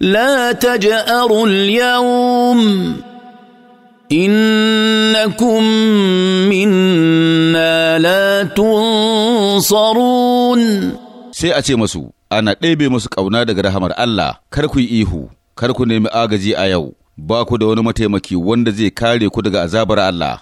لا تجأروا اليوم إنكم منا لا تنصرون sai a ce masu ana ɗebe masu ƙauna daga rahamar Allah kar ku yi ihu kar ku nemi agaji a yau ba ku da wani mataimaki wanda zai kare ku daga azabar Allah